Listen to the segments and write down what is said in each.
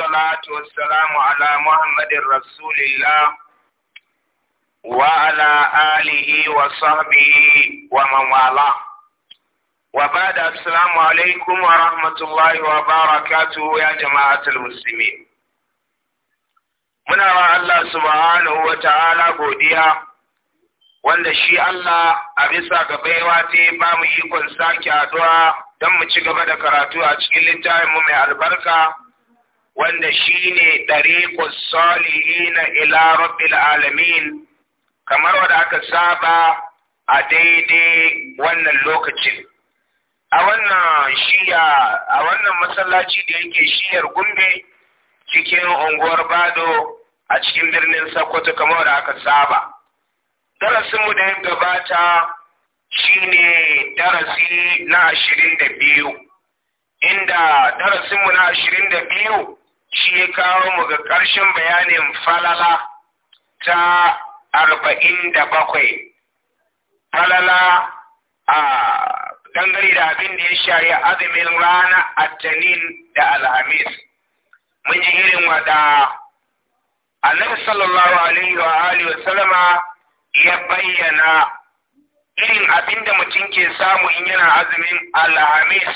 والصلاة والسلام على محمد رسول الله وعلى آله وصحبه ومن والاه وبعد السلام عليكم ورحمة الله وبركاته يا جماعة المسلمين muna wa Allah subhanahu wa ta'ala godiya wanda shi Allah a bisa ga baiwa ta ba mu ikon sake haɗuwa don mu ci gaba da karatu a cikin littafin mu mai albarka wanda shine dariqus na ila rabbil alamin kamar wanda aka saba a daidai wannan lokacin a wannan shiya a wannan masallaci da yake shiyar gumbe cikin unguwar bado a cikin birnin sokoto kamar wanda aka saba darasinmu da ya gabata shine darasi na ashirin da biyu inda darasinmu na ashirin da biyu shi ya kawo mu ga ƙarshen bayanin falala ta arba'in da bakwai falala a dangane da abin da ya shari azumin rana a tanin da alhamis mun ji irin wada annabi sallallahu alaihi wa alihi wa sallama ya bayyana irin abin da mutum ke samu in yana azumin alhamis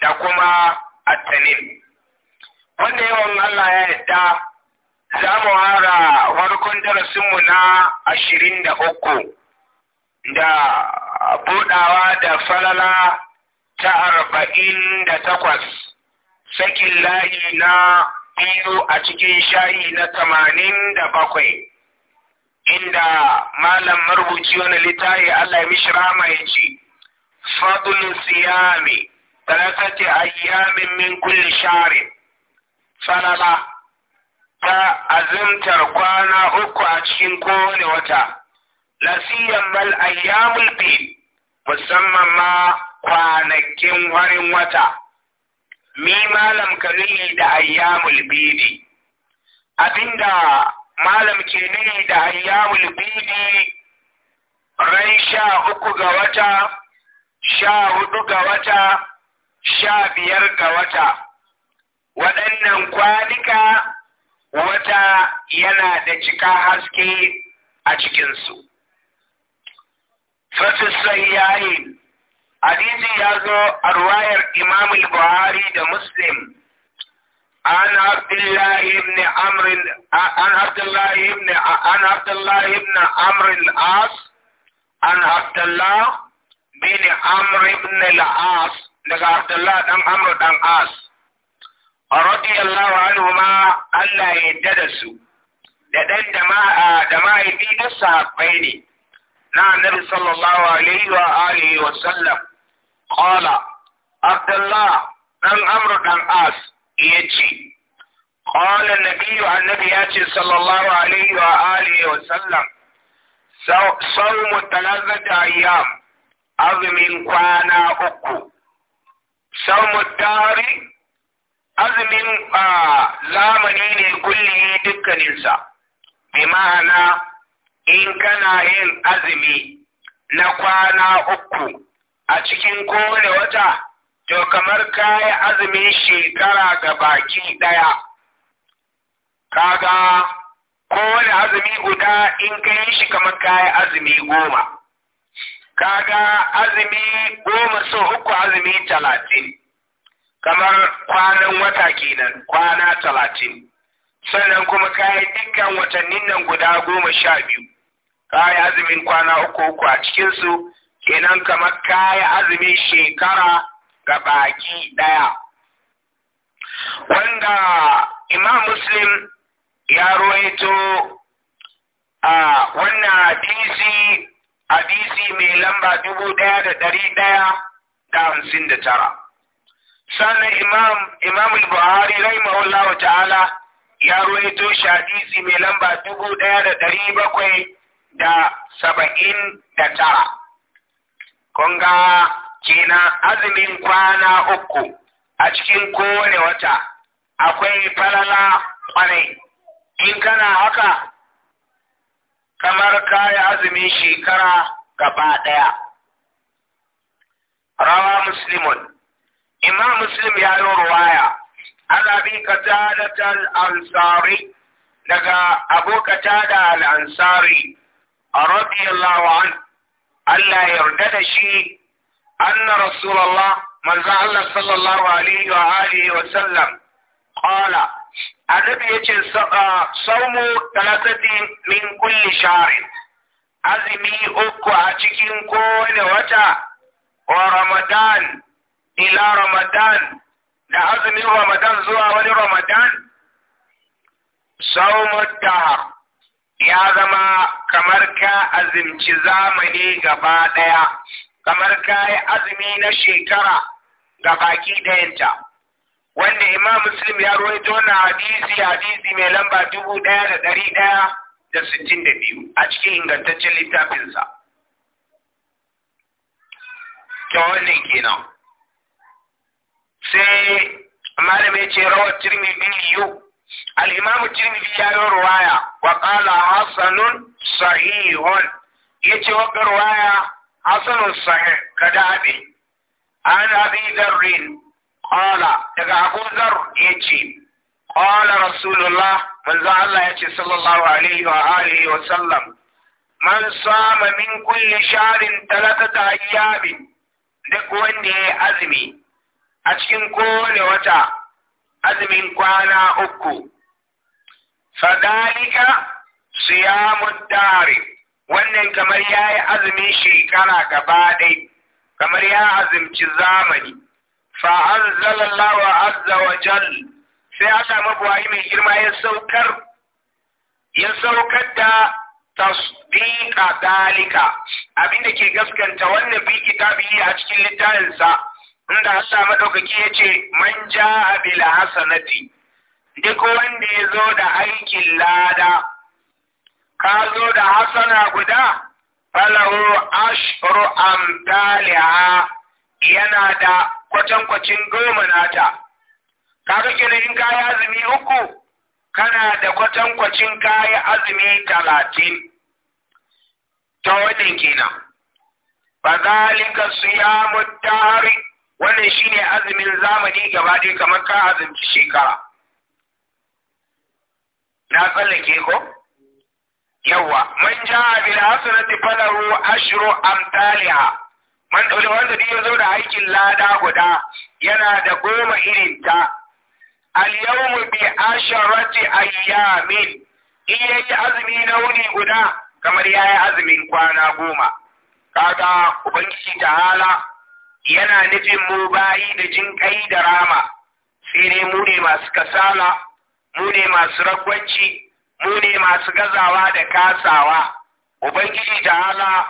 da kuma tanin. wanda yawan Allah ya yadda za mu hara farkon darasinmu na ashirin da uku da buɗawa da falala ta arba'in da takwas sakin layi na biyu a cikin shayi na tamanin da bakwai inda malam marubuci wani littafi Allah ya mishi rama ya ce fadlun siyami talatati ayyamin min kulli sharin falala ta azimtar kwana uku a cikin kowane wata lasiyan mal ayyamul bi musamman ma kwanakin warin wata mi malam kanuni da ayyamul bidi abinda malam ke nuni da ayyamul bidi rai sha uku ga wata sha hudu ga wata sha biyar ga wata waɗannan kwanuka wata yana da cika haske a cikinsu. ya yi. hadisi ya zo a ruwayar Imam Buhari da Muslim an Abdullahi ibn amrin an Abdullahi ibn an Abdullahi ibn amrin al-As an Abdullah bin Amr ibn al-As daga Abdullah dan Amr dan As radiyallahu anhu ma Allah ya yadda da su da dan jama'a da mahaifi da sahabbai ne na annabi sallallahu alaihi wa alihi wa sallam qala abdullah dan amru dan as yace قال النبي النبي ياتي صلى wa عليه وآله وسلم صوم ثلاثة أيام أظم كان أكو صوم الدار azumin zamani ne kulli dukkaninsa bi ma'ana in kana yin azumi na kwana uku a cikin kowane wata to kamar kayi azumin shekara ga baki ɗaya kaga kowane azumi guda in ka yi shi kamar kayi azumi goma kaga azumi goma so uku azumi talatin kamar kwanan wata kenan kwana talatin sannan kuma ka yi dukkan watannin nan guda goma sha biyu ka yi azumin kwana uku uku a cikinsu kenan kamar ka azumin shekara ga baki ɗaya wanda imam muslim ya ruwaito a wannan hadisi hadisi mai lamba dubu ɗaya da ɗari ɗaya da hamsin da tara sannan imam imam al-buhari rahimahullahu ta'ala ya ruwaito shi mai lamba dubu ɗaya da dari bakwai da saba'in da tara kun ga azumin kwana uku a cikin kowane wata akwai falala kwanai in kana haka kamar kayi azumin shekara gaba ɗaya rawa muslimun imam muslim ya yi ruwaya an abi qatada al-ansari daga abokata da al'ansari. ansari radiyallahu an Allah yarda da shi anna rasulallah manzo Allah sallallahu alaihi wa alihi wa sallam qala annabi yace saumu talatati min kulli shahrin azumi uku a cikin kowane wata wa ramadan ila ramadan da azumin ramadan zuwa wani ramadan Sau da ya zama kamar ka azumci zamani gaba ɗaya kamar ka yi azumi na shekara ga baki ɗayanta wanda imam muslim ya ruwaito wannan hadisi hadisi mai lamba dubu ɗaya da ɗari ɗaya da sittin da biyu a cikin ingantaccen littafinsa. Kyawun wannan kenan. sai malamai ce rawar tirmidhi yau al-imam tirmidhi ya yi ruwaya wa qala hasanun sahihun ce wa ruwaya hasanun sahih kada abi an abi darrin qala daga abu ya ce. qala rasulullah manzo Allah ya ce sallallahu alaihi wa alihi wa sallam man sama min kulli shahrin talata ayyamin duk wanda ya yi azumi a cikin kowane wata azumin kwana uku fadalika siyamu dare wannan kamar ya yi azumin shekara gaba ɗai kamar ya azumci zamani fa'anzalallahu azza wa jal sai Allah mai girma ya saukar ya saukar da tasdiqa dalika abinda ke gaskanta wannan bi kitabi a cikin littafinsa inda Allah madaukaki ya ce man jaa bil hasanati duk wanda ya zo da aikin lada ka zo da hasana guda falahu ashru amtaliha yana da kwatankwacin goma nata kaga da in kayi azumi uku kana da kwatankwacin kayi azumi talatin ta wannan kenan fa zalika siyamu dahri wannan shine azumin zamani gaba ɗaya kamar ka azumci shekara na tsallake ko yawa man ja'a bil hasanati falahu ashru amsalha man dole wanda ya zo da aikin lada guda yana da goma irin ta al yawmu bi asharati ayyamin in yayi azumi na wuni guda kamar yayi azumin kwana goma kaga ubangiji hala? yana nufin mu bayi da jin kai da rama sai dai mu ne masu kasala mu ne masu ragwanci mu ne masu gazawa da kasawa ubangiji ala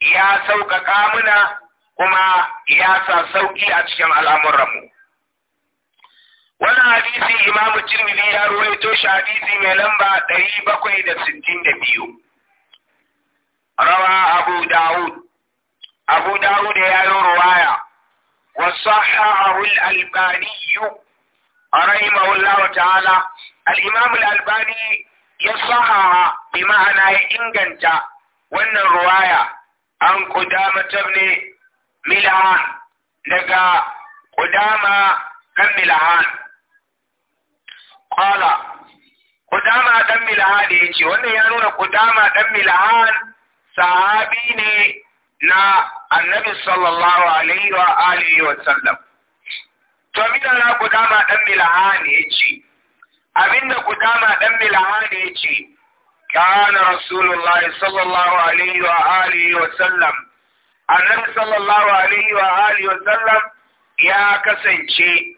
ya sauƙaƙa muna kuma ya sa sauƙi a cikin al'amuranmu wannan hadisi imamu tirmidhi ya ruwaito shi hadisi mai lamba ɗari bakwai da sittin da biyu. rawa abu dawud abu dawud ya yi ruwaya wa sahahahu al-albani Allah ta'ala al-imam al-albani ya saha bi ma'ana ya inganta wannan ruwaya an kudama tabne milahan daga kudama dan milahan qala kudama dan yace wannan ya nuna kudama dan milahan sahabi ne na annabi sallallahu alaihi wa alihi wa sallam to abinda na gudama dan milahani yace abinda kudama dan milahani yace kana rasulullah sallallahu alaihi wa alihi wa sallam annabi sallallahu alaihi wa alihi wa sallam ya kasance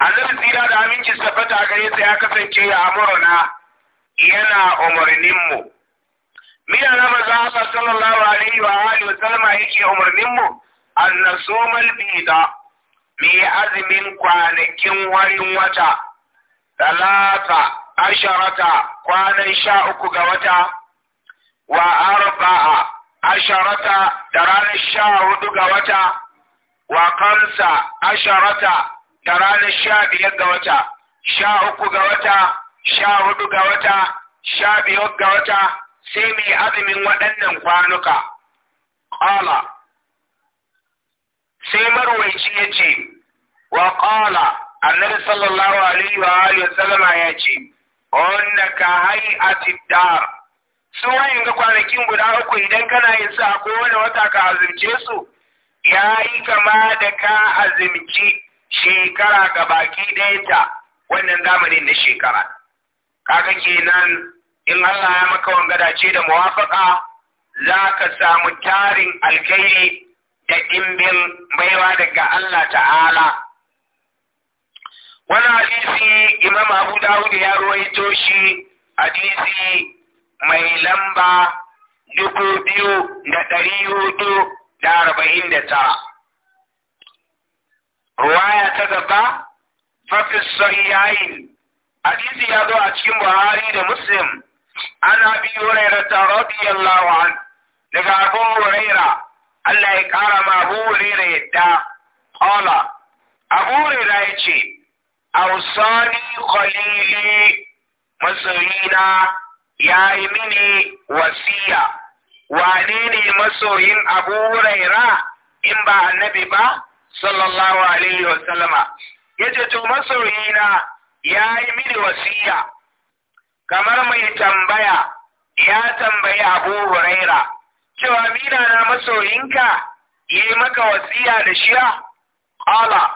annabi tsira da aminci safata gare sa ya kasance ya amurna yana umarninmu mu mina na maza Allah sallallahu alaihi wa alihi wa sallama yake umarnin mu an nasumal bida mi azumin kwanakin warin wata talata asharata kwanan sha uku ga wata wa arba'a asharata da ranar sha hudu ga wata wa kamsa asharata da ranar sha biyar ga wata sha uku ga wata sha hudu ga wata sha biyar ga wata sai mai azumin waɗannan kwanuka ƙala sai marwaici ya ce wa ƙala annabi sallallahu alaihi wa alihi Salama ya ce wanda ka hai a tiddar su wayan ga kwanakin guda uku idan kana yin su a kowane wata ka azumce su ya yi kama da ka azumci shekara ga baki ɗayata wannan zamanin na shekara kaga kenan in Allah ya maka wangada ce da muwafaka za ka samu tarin alkhairi da ɗimbin baiwa daga Allah ta'ala. Wani hadisi Imam Abu Dawud ya ruwaito shi hadisi mai lamba dubu biyu da ɗari hudu da arba'in da tara. Ruwaya ta gaba, Fafis sahihain hadisi ya zo a cikin Buhari da Muslim an abi huraira ta radiyallahu an daga abu huraira Allah ya kara ma abu huraira yadda qala abu huraira yace awsani khalili masoyina ya yi mini wasiya wane ne masoyin abu huraira in ba annabi ba sallallahu alaihi wasallama yace to masoyina ya yi mini wasiya kamar mai tambaya ya tambayi abu huraira cewa mina na masoyinka ya yi maka wasiya da shiya ƙala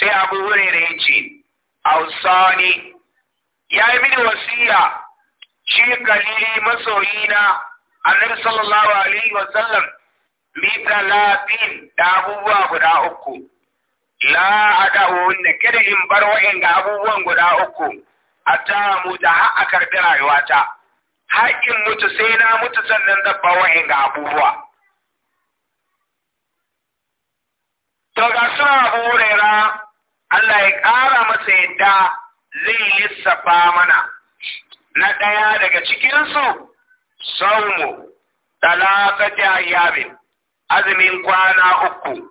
sai abu huraira ya ce ausani ya yi mini wasiya shi kalili masoyina annabi sallallahu alaihi sallam bi talatin da abubuwa guda uku la ada'u kada in bar wa'in ga abubuwan guda uku A ta mu da har a karbi rayuwata haƙƙin mutu sai na mutu sannan dabba wa'in ga abubuwa to ga suna abu ra, Allah ya ƙara masa yadda zai lissafa mana na ɗaya daga cikinsu saumu talatati ayyamin azumin kwana uku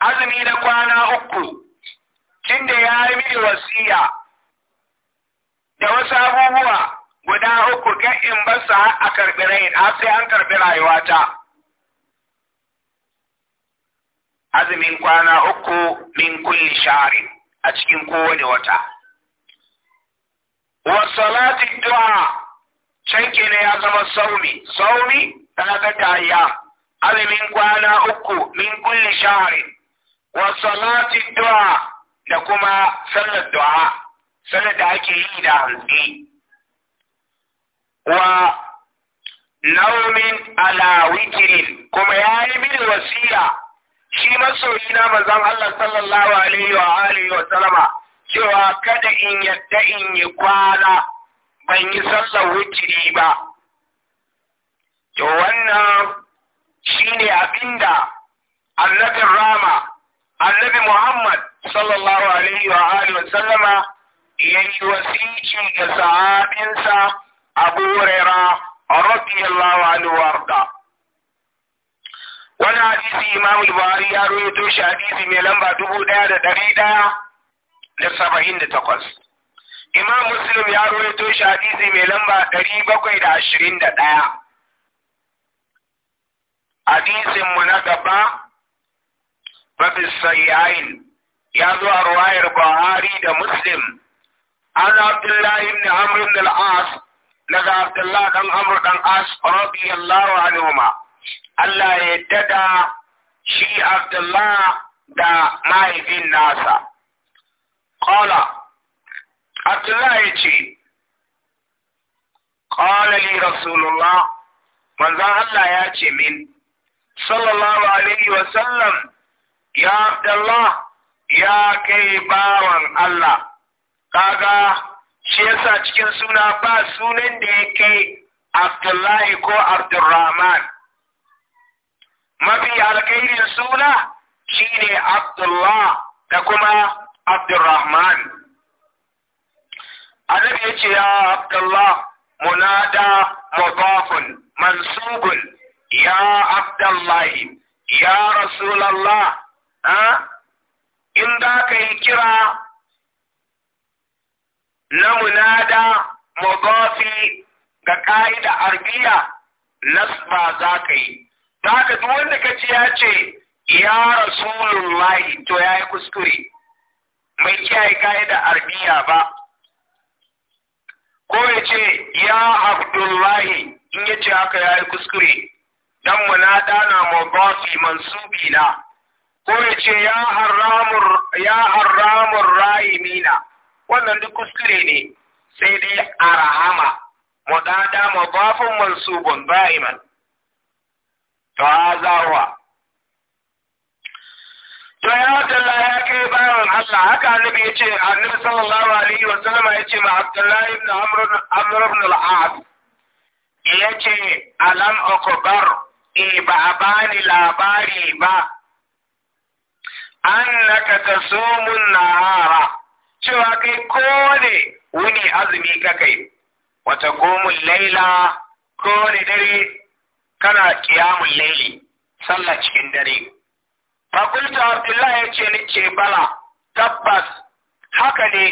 azumi na kwana uku da ya yi mini wasiya da wasu abubuwa guda uku ga in sa a karɓi rai a sai an karɓi rayuwata azumin kwana uku min kulli shari a cikin kowane wata wa salati du'a can ne ya zama saumi saumi ta ga tayya azumin kwana uku min kulli shari wa salati du'a da kuma sallar du'a sallar da ake yi da hanzi wa naumin ala kuma ya yi mini wasiya shi masoyi na manzon Allah sallallahu alaihi wa alihi wa sallama cewa kada in yadda in yi kwana ban yi sallar wikiri ba to wannan shine abinda annabin rama annabi Muhammad sallallahu alaihi wa alihi wa sallama yayi wasiki ga sahabinsa Abu Huraira radiyallahu anhu warda wani hadisi Imam Buhari ya rawaito shi hadisi mai lamba dubu ɗaya da ɗari ɗaya da saba'in da takwas Imam Muslim ya rawaito shi hadisi mai lamba ɗari bakwai da ashirin da ɗaya hadisin mu na gaba babu sahihain يا زوار واير بهاري ده مسلم انا عبد الله بن عمرو بن العاص لذا عبد الله بن عمرو بن العاص رضي الله عنهما الله يتدا شي عبد الله دا ما يبين ناسا قال عبد الله يجي قال لي رسول الله من ذا الله يأتي من صلى الله عليه وسلم يا عبد الله ya kai bawan Allah kaga shi yasa cikin suna ba sunan da ya kai Abdullahi ko Abdurrahman mafi alkairin suna shine Abdullah da kuma Abdurrahman Annabi ya ce ya Abdullah munada mubafun mansubun ya Abdullahi ya Rasulallah ha in za ka yi kira na munada mabafi ga ƙa'ida arbiya nasba za ka yi za ka duk wanda ka ce ya ce ya rasulullahi to ya yi kuskure mai kiyaye ƙa'ida arbiya ba ko ya ce ya abdullahi in ya ce haka ya yi kuskure dan munada na mabafi mansubi na ko ya ce ya haramun mina wannan duk kuskure ne sai dai a rahama mudada mudafin mansubun ra'iman to hazawa to ya talla ya kai bayan Allah haka annabi ya ce annabi sallallahu alaihi wa sallama ya ce ma Abdullahi ibn Amr Amr ibn al-As ya ce alam akbar e eh, ba a bani labari ba annaka tasumun nahara cewa kai kone wuni azumi kakai kai wata gomun laila kone dare kana kiyamun laili sallah cikin dare fakulta abdullahi ya ce ni ce bala tabbas haka ne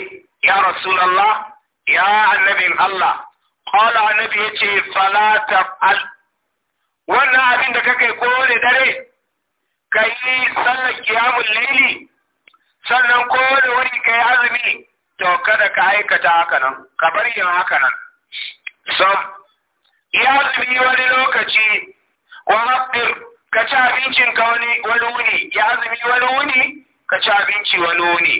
ya rasulallah ya annabin allah Kola annabi ya ce fala tab'al wannan abin da kakai kone dare ka yi sallar kiyamun laili sannan da wani ka yi azumi to kada ka aikata haka nan ka bar yin haka nan sam ya azumi wani lokaci wa haɗir ka ci abincin ka wani wuni ya azumi wani wuni ka ci abinci wani wuni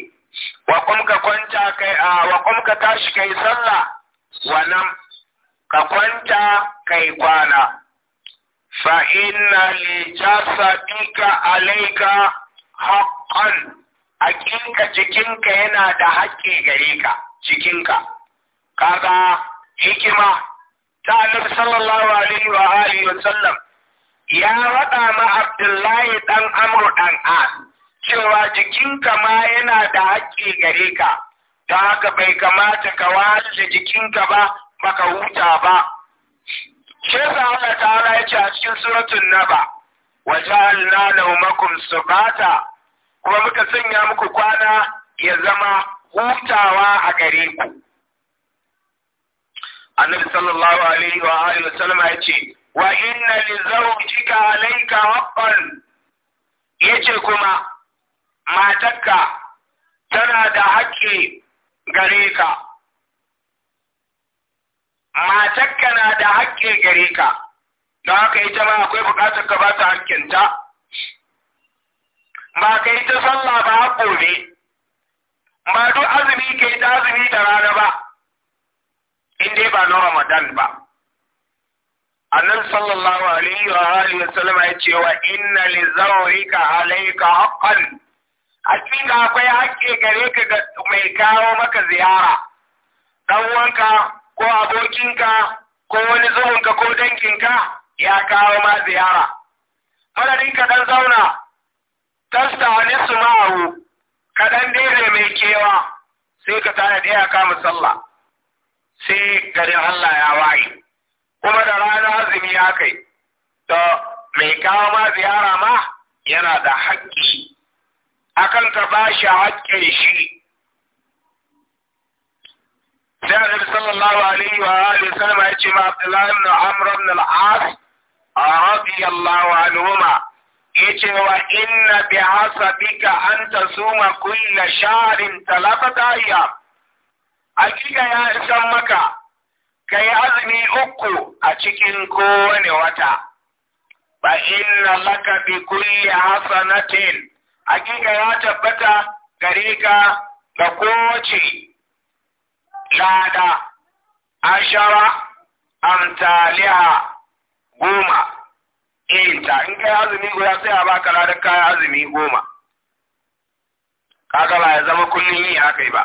wa kum ka kwanta kai a wa kum ka tashi kai sallah wa nan ka kwanta kai kwana فإن لجسدك عليك حقا أكينك جكينك هنا دهكي حقي غريك جكينك كذا حكمة تعلم صلى الله عليه وآله وسلم يا وضع ما عبد الله دان أمر دان آن شوى جكينك ما هنا دهكي haƙƙi gare بيك ما تكوال جكينك با مكوتا با, jikinka shi yasa Allah ya ce a cikin suratun naba wa ja'alna nawmakum subata kuma muka sanya muku kwana ya zama hutawa a gare ku annabi sallallahu alaihi wa alihi wasallam yace wa inna li zawjika alayka haqqan yace kuma matarka tana da haƙƙi gare ka matakka na da haƙƙi gare ka don haka ita ma akwai buƙatar ka ba ta haƙƙinta ba ka yi ta sallah ba haƙo ne ba duk azumi ka yi ta azumi da rana ba in dai ba na ramadan ba annan sallallahu alaihi wa alihi wa sallama ya ce wa inna li zawrika alayka haqqan hakika akwai haƙƙi gare ka mai kawo maka ziyara dan wanka ko abokinka ko wani zumunka ko danginka ya kawo ma ziyara. Madadin ɗan zauna, tasta wani su ma'ahu, ka ɗan daidai mai kewa, sai ka tana ɗaya kama sallah, sai garin Allah ya waye. Kuma da rana azumi ya kai, to mai kawo ma ziyara ma yana da haƙƙi, akan ka ba shi haƙƙin shi. sai annabi sallallahu alaihi wa alihi wasallam ya ce ma Abdullahi ibn Amr ibn al-As radiyallahu ya ce wa inna bi hasabika an tasuma kull shahrin talafata ayyam hakika ya isan maka Ka yi azumi uku a cikin kowane wata fa inna laka bi kulli hasanatin hakika ya tabbata gare ka ga kowace lada ashara amtaliha goma inta in kai azumi guda sai a baka ladan kayan azumi goma kaga ba ya zama kullum yi haka ba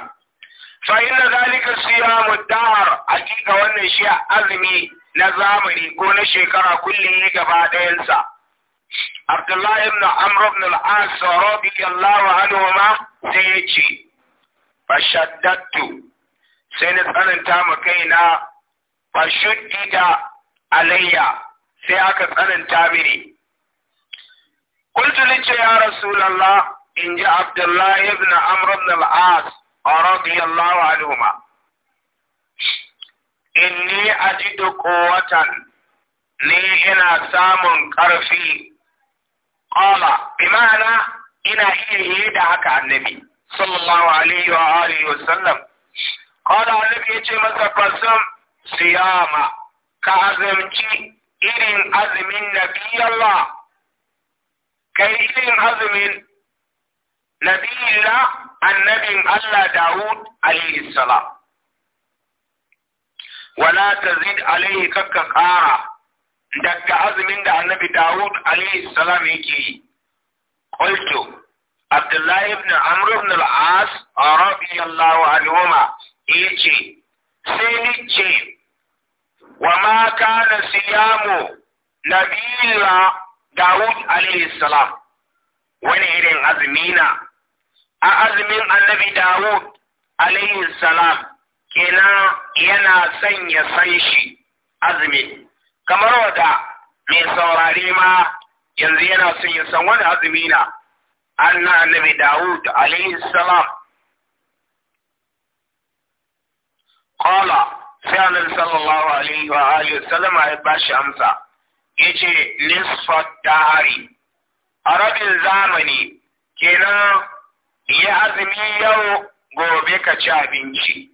fa inna zalika siyamu dahar hakika wannan shi azumi na zamani ko na shekara kullum gaba ɗayansa. sa Abdullahi ibn Amr ibn al-As radiyallahu anhu ma sai fashaddatu sai na tsananta ma kaina fa shuddida alayya sai aka tsananta mini qultu lice ya rasulullah in ji abdullahi ibn amr ibn al-as radiyallahu anhuma inni ajidu quwwatan ni ina samun ƙarfi qala bima'ana ina iya yi da haka annabi sallallahu alaihi wa alihi wa sallam Kala annabi ya ce masa fasam siyama ka azamci irin azumin nabi Allah kai irin azumin nabi Allah annabin Allah Dawud alaihi salam wala tazid alaihi kakka ƙara daga azumin da annabi Dawud alaihi salam yake yi qultu Abdullahi ibn Amr ibn al ya sai ni wa ma kana siyamu nabila Dawud alaihi salam wani irin azumina. a azumin annabi Dawud alaihi salam kenan yana sanya san shi azumin, kamar wata mai saurare ma yanzu yana son ya san wani azmi na annabi Dawud alaihi salam Kola sai annabi sallallahu alaihi wa Alaihi wa sallama ba shi amsa yace nisfa dahari a rabin zamani kenan ya azumi yau gobe ka ci abinci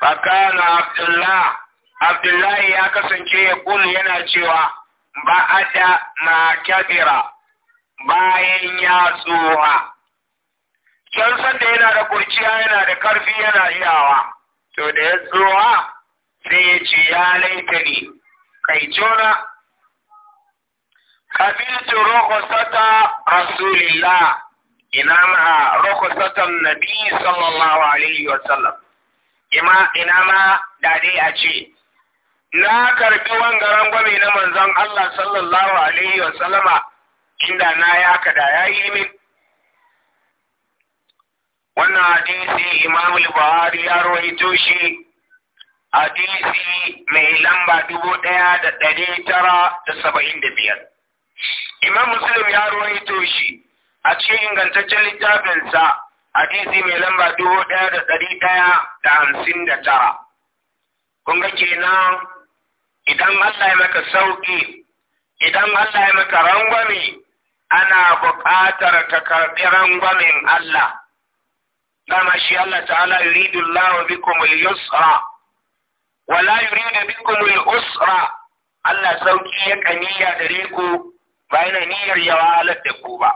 fakana abdullah abdullahi ya kasance ya kulu yana cewa ba ba'ada ma kyabira bayan ya tsoha. can san da yana da kurciya yana da karfi yana iyawa to da ya zuwa sai ya ce ya laita ne kai jona kabiltu rukhsata rasulillah ina ma rukhsatan nabi sallallahu alaihi wa sallam ima ina ma da dai a ce na karbi wangaren gwame na manzon Allah sallallahu alaihi wa sallama inda na yaka da yayi min wannan hadisi imam al-buhari ya rawaito shi hadisi mai lamba dubu ɗaya da ɗari tara da saba'in da biyar imam muslim ya rawaito shi a cikin ingantaccen littafinsa hadisi mai lamba dubu ɗaya da ɗari ɗaya da hamsin da tara kun ga kenan idan Allah ya maka sauƙi idan Allah ya maka rangwame ana buƙatar ka karɓi rangwamen Allah dama shi Allah ta'ala yuridu Allah bikum al-yusra wa la yuridu bikum al-usra Allah sauki ya kaniya da ku ba yana niyyar ya wahalar da ku ba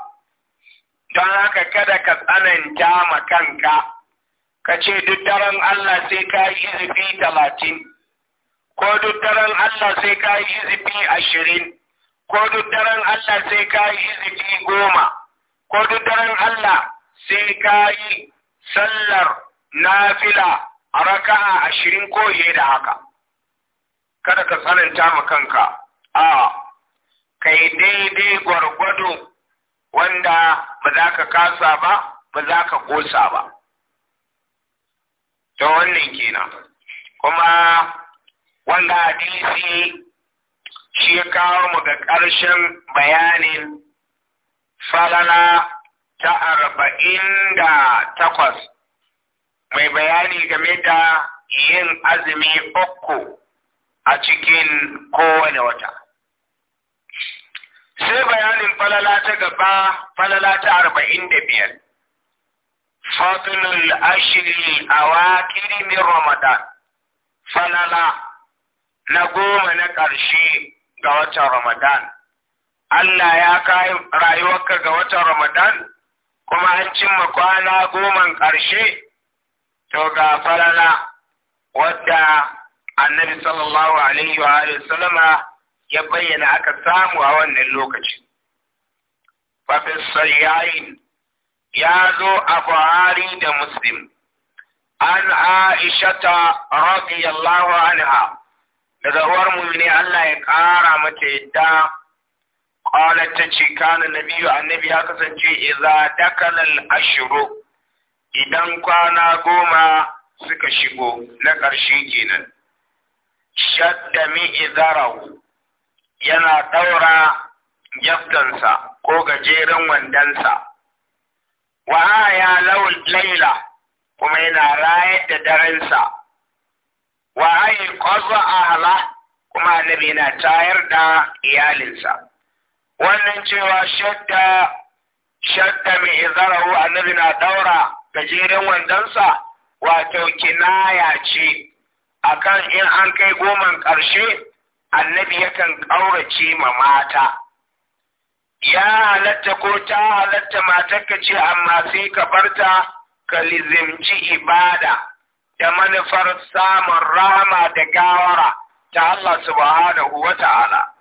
don haka kada ka tsananta ma kanka ka ce duk daren Allah sai ka yi izifi talatin ko duk daren Allah sai ka yi izifi ashirin ko duk daren Allah sai ka yi izifi goma ko duk daren Allah sai ka yi sallar nafila a raka'a ashirin ko fiye da haka kada ka tsananta ma kanka a kai daidai gwargwado wanda ba za ka kasa ba ba za ka kosa ba ta wannan kenan kuma wanda hadisi shi ya kawo mu ga ƙarshen bayanin falala ta arba'in da takwas mai bayani game da yin azumi uku a cikin kowane wata. Sai bayanin falala ta gaba falala ta arba'in da biyar. Fatunul ashiri a waƙiri Ramadan, falala na goma na ƙarshe ga watan Ramadan. Allah ya kayi rayuwarka ga watan Ramadan kuma an cimma kwana goma ƙarshe to ga farana wadda annabi sallallahu alaihi wa sallama ya bayyana aka samu a wannan lokaci. Fafis sayyayin ya zo a Buhari da Muslim, an Aishata radiyallahu anha daga mu ne Allah ya ƙara mata yadda qalat ta ce kana nabiyu annabi ya kasance idan kwana goma suka shigo na ƙarshe kenan shadda mi yana ɗaura yaftansa ko gajeren wandonsa. wa ya lawul laila kuma yana rayar da darensa wa ayi qaza ahla kuma annabi yana tayar da iyalinsa wannan cewa shadda shadda mai izarahu annabi na daura gajeren wandonsa wato kinaya ce akan in an kai goman ƙarshe annabi yakan ƙaurace ma mata ya halatta ko ta halatta matarka ce amma sai ka barta ka lizimci ibada da manufar samun rama da gawara ta Allah subhanahu wa ta'ala.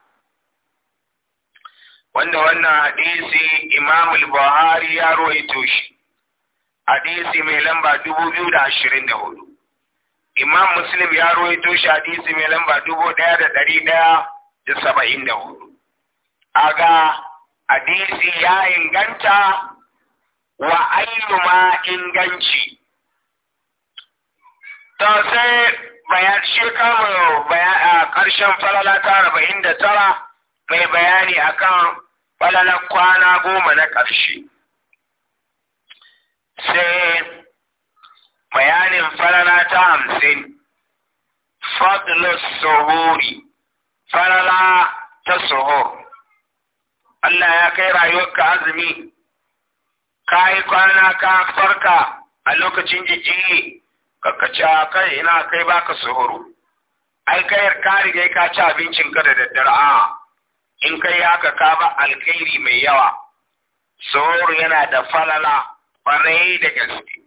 wanda wannan hadisi Imam al-Buhari ya rawaito shi hadisi mai lamba 2024 Imam Muslim ya rawaito shi hadisi mai lamba 1174 aga hadisi ya inganta wa ainu ma inganci ta sai bayan shekaru bayan a ƙarshen falala ta 49 mai bayani akan falala kwana goma na ƙarshe sai bayanin falala ta hamsin fadlus suhuri falala ta suhur Allah ya kai rayuwarka azumi ka yi kwana ka farka a lokacin jijjiyi kakkaci a kai ina kai baka suhuru ai kayar ka riga ka ci abincin ka da daddare a in kai haka ka ba alkhairi mai yawa sahur yana da falala kwarai da gaske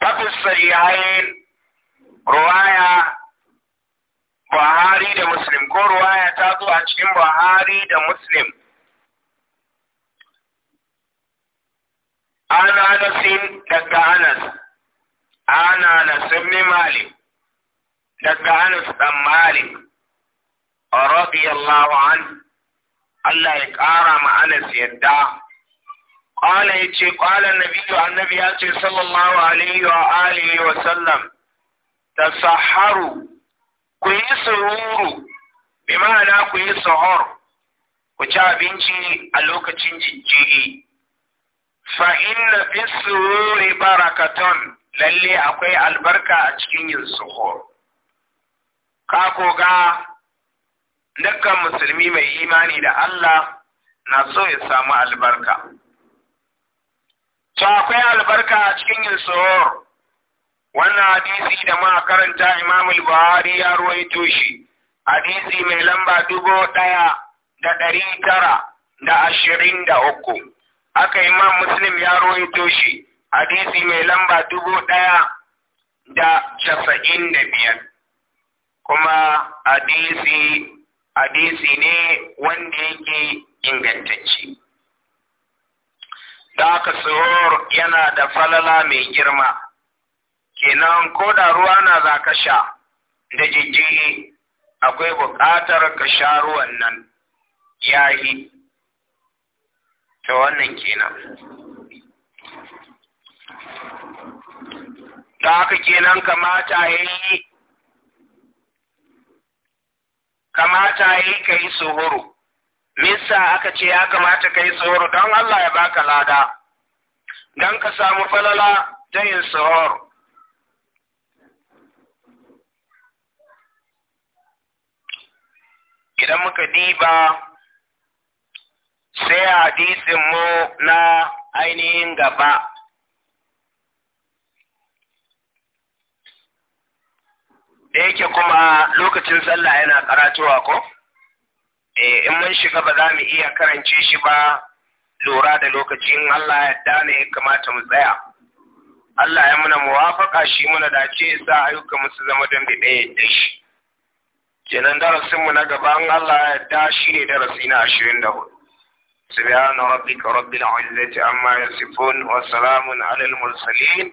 babu sahihain ruwaya Buhari da Muslim ko ruwaya ta zo a cikin Buhari da Muslim أنا أنا سين دك أنس أنا أنا سبني Malik دك أنس دم Malik radiyallahu an Allah ya ƙara ma Anas yadda qala yace qala nabiyyu annabi ya ce sallallahu alaihi wa alihi wa sallam tasahharu ku yi sururu bi ma'ana ku yi sahur ku ci abinci a lokacin jijjigi fa inna fi sururi barakatun lalle akwai albarka a cikin yin suhur ka ko dukkan musulmi mai imani da Allah na so ya samu albarka. To akwai albarka a cikin yin tsohor, wannan hadisi da ma karanta Imam Buhari ya ruwaito shi, hadisi mai lamba dubu ɗaya da ɗari tara da ashirin da uku. Aka Imam Muslim ya ruwaito shi, hadisi mai lamba dubu ɗaya da casa'in da biyar. Kuma hadisi hadisi ne wanda yake ingantacce da aka yana da falala mai girma kenan ko da ruwa na za ka sha da jijjiri akwai buƙatar ka sha ruwan nan ya yi ta wannan kenan da aka kenan kamata ya yi kamata yi ka yi suhuru misa aka ce ya kamata ka yi suhuru don Allah ya baka lada don ka samu falala ta yin suhuru idan muka diba sai hadisin mu na ainihin gaba da yake kuma lokacin sallah yana karatuwa ko eh in mun shiga ba za mu iya karance shi ba lura da lokacin Allah ya dane ya kamata mu tsaya Allah ya muna muwafaka shi muna dace ya sa ayyuka musu zama zama da ɗaya da shi kenan darasin mu na gaban Allah ya da shi ne darasi na 24 سبحان ربك رب العزة عما يصفون وسلام على المرسلين